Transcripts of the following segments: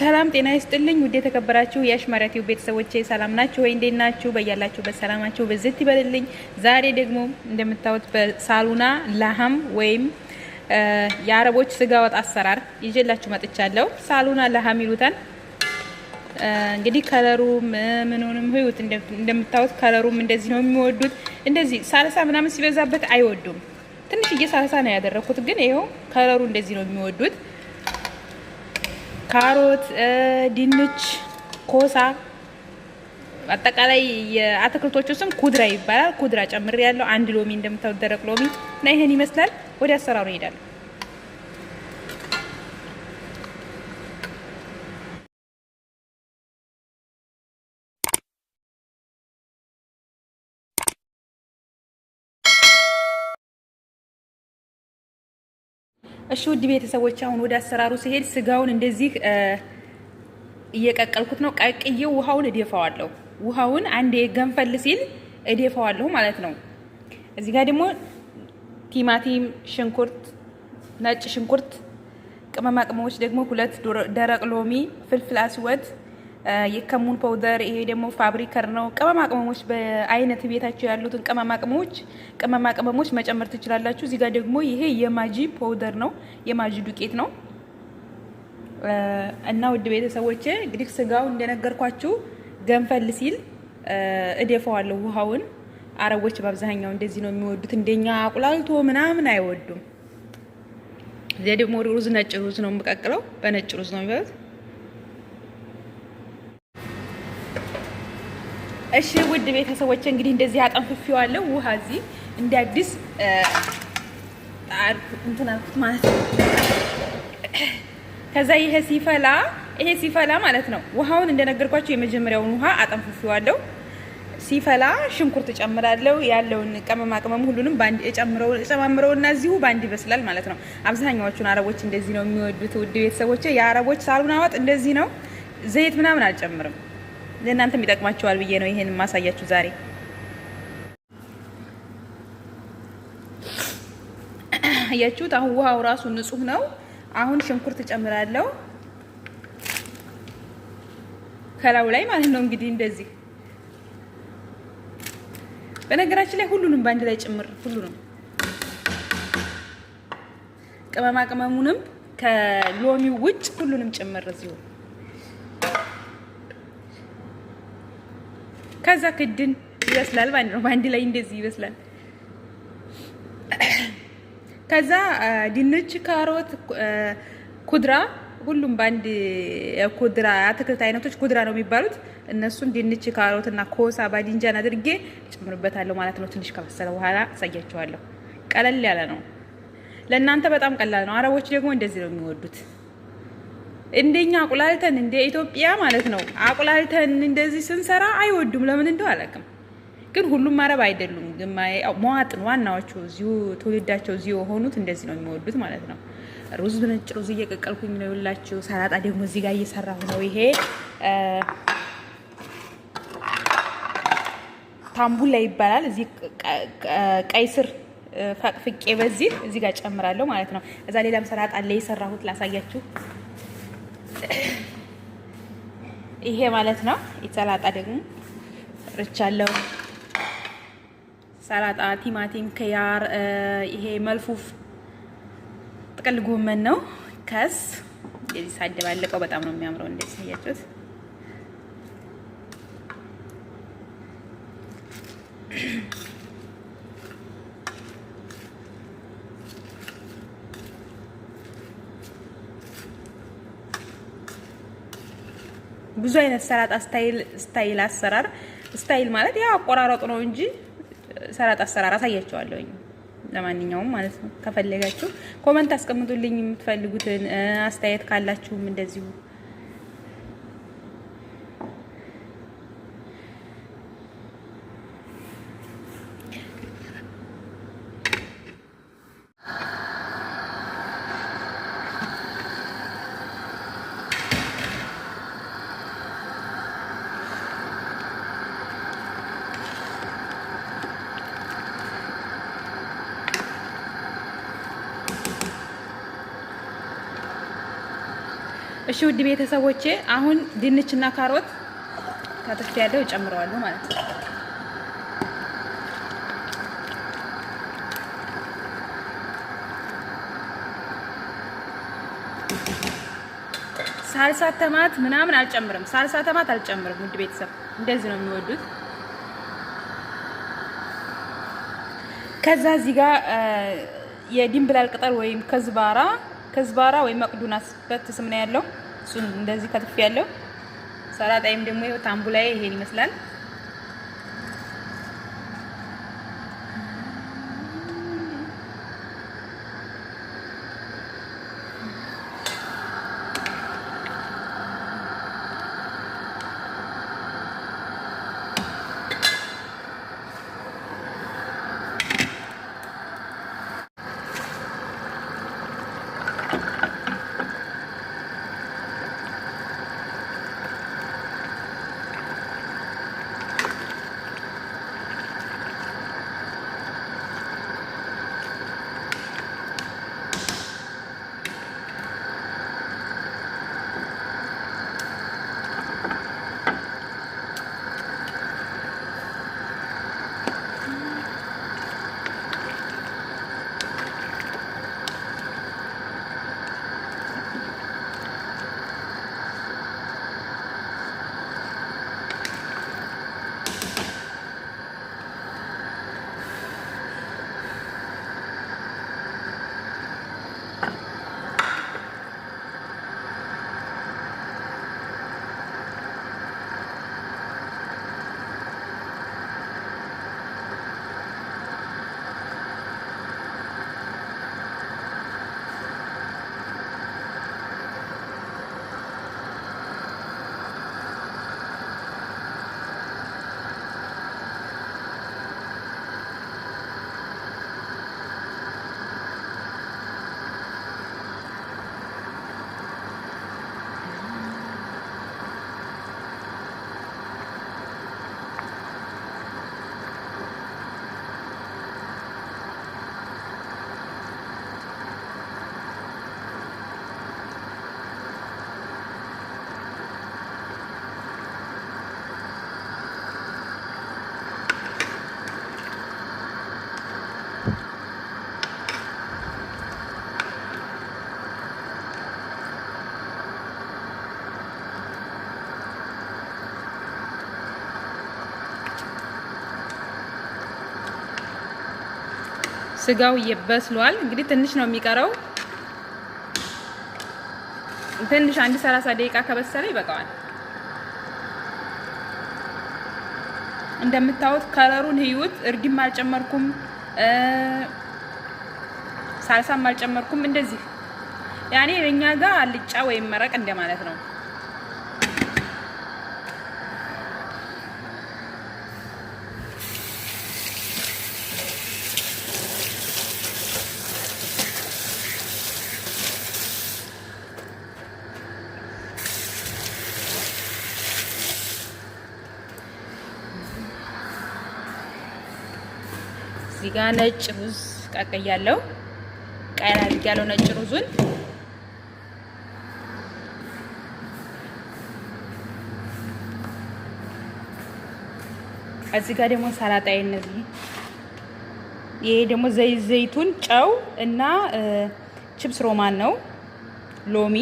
ሰላም ጤና ይስጥልኝ። ውድ የተከበራችሁ የአሽማሪያቲው ቤተሰቦቼ ሰላም ናችሁ ወይ? እንዴት ናችሁ? በያላችሁበት በሰላማችሁ ብዝት ይበልልኝ። ዛሬ ደግሞ እንደምታዩት በሳሉና ላሃም ወይም የአረቦች ስጋ ወጥ አሰራር ይዤላችሁ መጥቻለሁ። ሳሉና ላሃም ይሉታል። እንግዲህ ከለሩ ምንሆንም ህይወት እንደምታዩት ከለሩም እንደዚህ ነው የሚወዱት። እንደዚህ ሳልሳ ምናምን ሲበዛበት አይወዱም። ትንሽዬ ሳልሳ ነው ያደረኩት፣ ግን ይኸው ከለሩ እንደዚህ ነው የሚወዱት። ካሮት፣ ድንች፣ ኮሳ አጠቃላይ የአትክልቶቹ ስም ኩድራ ይባላል። ኩድራ ጨምሬ ያለው አንድ ሎሚ እንደምታዩት ደረቅ ሎሚ እና ይህን ይመስላል። ወደ አሰራሩ ይሄዳል። እሺ ውድ ቤተሰቦች አሁን ወደ አሰራሩ ሲሄድ ስጋውን እንደዚህ እየቀቀልኩት ነው። ቀቅዬው ውሃውን እደፋዋለሁ። ውሃውን አንዴ ገንፈል ሲል እደፋዋለሁ ማለት ነው። እዚህ ጋር ደግሞ ቲማቲም፣ ሽንኩርት፣ ነጭ ሽንኩርት፣ ቅመማ ቅመሞች ደግሞ ሁለት ደረቅ ሎሚ፣ ፍልፍል አስወት የከሙን ፓውደር፣ ይሄ ደግሞ ፋብሪከር ነው። ቅመማ ቅመሞች በአይነት ቤታቸው ያሉትን ቅመማ ቅመሞች ቅመማ ቅመሞች መጨመር ትችላላችሁ። እዚህ ጋር ደግሞ ይሄ የማጂ ፓውደር ነው፣ የማጂ ዱቄት ነው እና ውድ ቤተሰቦቼ እንግዲህ ስጋው እንደነገርኳችሁ ገንፈል ሲል እደፈዋለሁ ውሃውን። አረቦች በአብዛኛው እንደዚህ ነው የሚወዱት፣ እንደኛ አቁላልቶ ምናምን አይወዱም። እዚያ ደግሞ ሩዝ ነጭ ሩዝ ነው የምቀቅለው፣ በነጭ ሩዝ ነው የሚበሉት። እሺ ውድ ቤተሰቦች እንግዲህ እንደዚህ አጠንፍፌዋለሁ። ውሃ እዚህ እንደ አዲስ እንትን አልኩት ማለት ነው። ከዛ ይሄ ሲፈላ ይሄ ሲፈላ ማለት ነው። ውሃውን እንደነገርኳቸው የመጀመሪያውን ውሃ አጠንፍፌዋለሁ። ሲፈላ ሽንኩርት እጨምራለሁ። ያለውን ቅመማ ቅመም ሁሉንም ባንድ እጨማምረውና እዚሁ ባንድ ይበስላል ማለት ነው። አብዛኛዎቹን አረቦች እንደዚህ ነው የሚወዱት። ውድ ቤተሰቦች የአረቦች ሳሉና ወጥ እንደዚህ ነው። ዘይት ምናምን አልጨምርም። ለእናንተም ይጠቅማቸዋል ብዬ ነው ይሄን ማሳያችሁ ዛሬ። አያችሁት? አሁን ውሃው ራሱ ንጹህ ነው። አሁን ሽንኩርት ጨምራለሁ ከላው ላይ ማለት ነው። እንግዲህ እንደዚህ በነገራችን ላይ ሁሉንም በአንድ ላይ ጭምር ሁሉንም ቅመማ ቅመሙንም ከሎሚው ውጭ ሁሉንም ጭምር እዚሁ ከዛ ክድን ይበስላል ማለት ነው። በአንድ ላይ እንደዚህ ይበስላል። ከዛ ድንች፣ ካሮት፣ ኩድራ ሁሉም በአንድ ኩድራ አትክልት አይነቶች ኩድራ ነው የሚባሉት። እነሱን ድንች፣ ካሮት እና ኮሳ ባዲንጃን አድርጌ ጨምርበታለሁ ማለት ነው። ትንሽ ከበሰለ በኋላ አሳያቸዋለሁ። ቀለል ያለ ነው። ለእናንተ በጣም ቀላል ነው። አረቦች ደግሞ እንደዚህ ነው የሚወዱት። እንደኛ አቁላልተን እንደ ኢትዮጵያ ማለት ነው አቁላልተን እንደዚህ ስንሰራ አይወዱም። ለምን እንደው አላውቅም፣ ግን ሁሉም አረብ አይደሉም። መዋጥን ዋናዎቹ እዚሁ ትውልዳቸው እዚሁ የሆኑት እንደዚህ ነው የሚወዱት ማለት ነው። ሩዝ ብነጭ ሩዝ እየቀቀልኩኝ ነው ይላችሁ። ሰላጣ ደግሞ እዚህ ጋር እየሰራሁ ነው። ይሄ ታምቡላ ይባላል። እዚህ ቀይ ስር ፈቅፍቄ በዚህ እዚህ ጋር ጨምራለሁ ማለት ነው። እዛ ሌላም ሰላጣ አለ የሰራሁት ላሳያችሁ ይሄ ማለት ነው። ሰላጣ ደግሞ ሰርቻለሁ። ሰላጣ፣ ቲማቲም፣ ክያር፣ ይሄ መልፉፍ ጥቅል ጎመን ነው። ከስ የዚህ ሳደባለቀው በጣም ነው የሚያምረው። እንደዚህ ያያችሁት ብዙ አይነት ሰላጣ ስታይል አሰራር ስታይል ማለት ያው አቆራረጡ ነው እንጂ ሰላጣ አሰራር አሳያቸዋለሁኝ። ለማንኛውም ማለት ነው ከፈለጋችሁ ኮመንት አስቀምጡልኝ የምትፈልጉትን አስተያየት ካላችሁም እንደዚሁ እሺ ውድ ቤተሰቦቼ አሁን ድንች እና ካሮት ከትፍ ያለው እጨምረዋለሁ ማለት ነው። ሳልሳ ተማት ምናምን አልጨምርም። ሳልሳ ተማት አልጨምርም። ውድ ቤተሰብ እንደዚህ ነው የሚወዱት። ከዛ እዚህ ጋር የድንብላል ቅጠል ወይም ከዝባራ ከዝባራ ወይም መቅዱናስ በት ስም ነው ያለው እሱን እንደዚህ ከትፍ ያለው ሰላጣይም ደግሞ ይኸው ታምቡላዬ ይሄን ይመስላል። ስጋው ይበስሏል። እንግዲህ ትንሽ ነው የሚቀረው። ትንሽ አንድ 30 ደቂቃ ከበሰለ ይበቃዋል። እንደምታዩት ከለሩን ህይወት እርድም አልጨመርኩም፣ ሳልሳም አልጨመርኩም። እንደዚህ ያኔ ለኛ ጋር አልጫ ወይም መረቅ እንደማለት ነው። እዚህ ጋር ነጭ ሩዝ ቀቅያለሁ። ቀያ አድርጊያለሁ ነጭ ሩዙን እዚህ ጋር ደግሞ ሰላጣዬ እነዚህ ይሄ ደግሞ ዘይት ዘይቱን፣ ጨው እና ችብስ ሮማን ነው። ሎሚ፣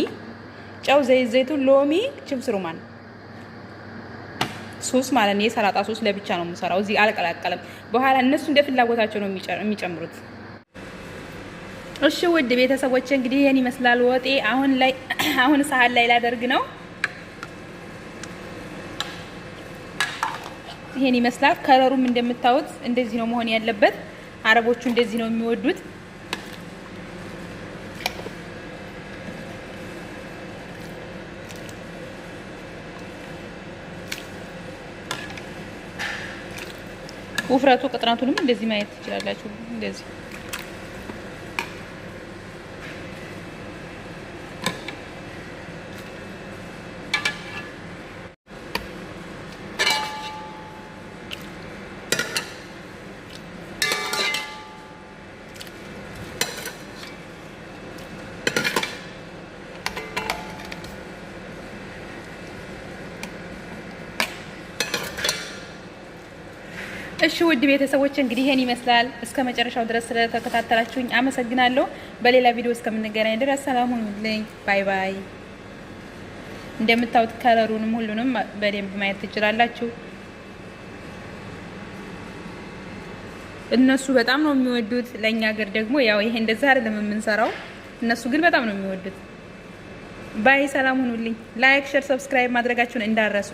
ጨው፣ ዘይት ዘይቱን፣ ሎሚ፣ ችብስ ሮማን ነው። ሶስት ማለት ነው። የሰላጣ ሶስት ለብቻ ነው የምሰራው፣ እዚህ አልቀላቀለም በኋላ እነሱ እንደ ፍላጎታቸው ነው የሚጨምሩት። እሺ ውድ ቤተሰቦች እንግዲህ ይሄን ይመስላል ወጤ። አሁን ላይ አሁን ሰሃን ላይ ላደርግ ነው። ይሄን ይመስላል። ከለሩም እንደምታዩት እንደዚህ ነው መሆን ያለበት። አረቦቹ እንደዚህ ነው የሚወዱት። ውፍረቱ ቅጥነቱንም እንደዚህ ማየት ትችላላችሁ። እንደዚህ እሺ ውድ ቤተሰቦች እንግዲህ ይሄን ይመስላል። እስከ መጨረሻው ድረስ ስለተከታተላችሁኝ አመሰግናለሁ። በሌላ ቪዲዮ እስከምንገናኝ ድረስ ሰላም ሁኑልኝ። ባይ ባይ። እንደምታዩት ከለሩንም ሁሉንም በደንብ ማየት ትችላላችሁ። እነሱ በጣም ነው የሚወዱት። ለእኛ ሀገር ደግሞ ያው ይሄ እንደዛ አይደለም የምንሰራው። እነሱ ግን በጣም ነው የሚወዱት። ባይ ሰላም ሁኑልኝ። ላይክ፣ ሼር፣ ሰብስክራይብ ማድረጋችሁን እንዳረሱ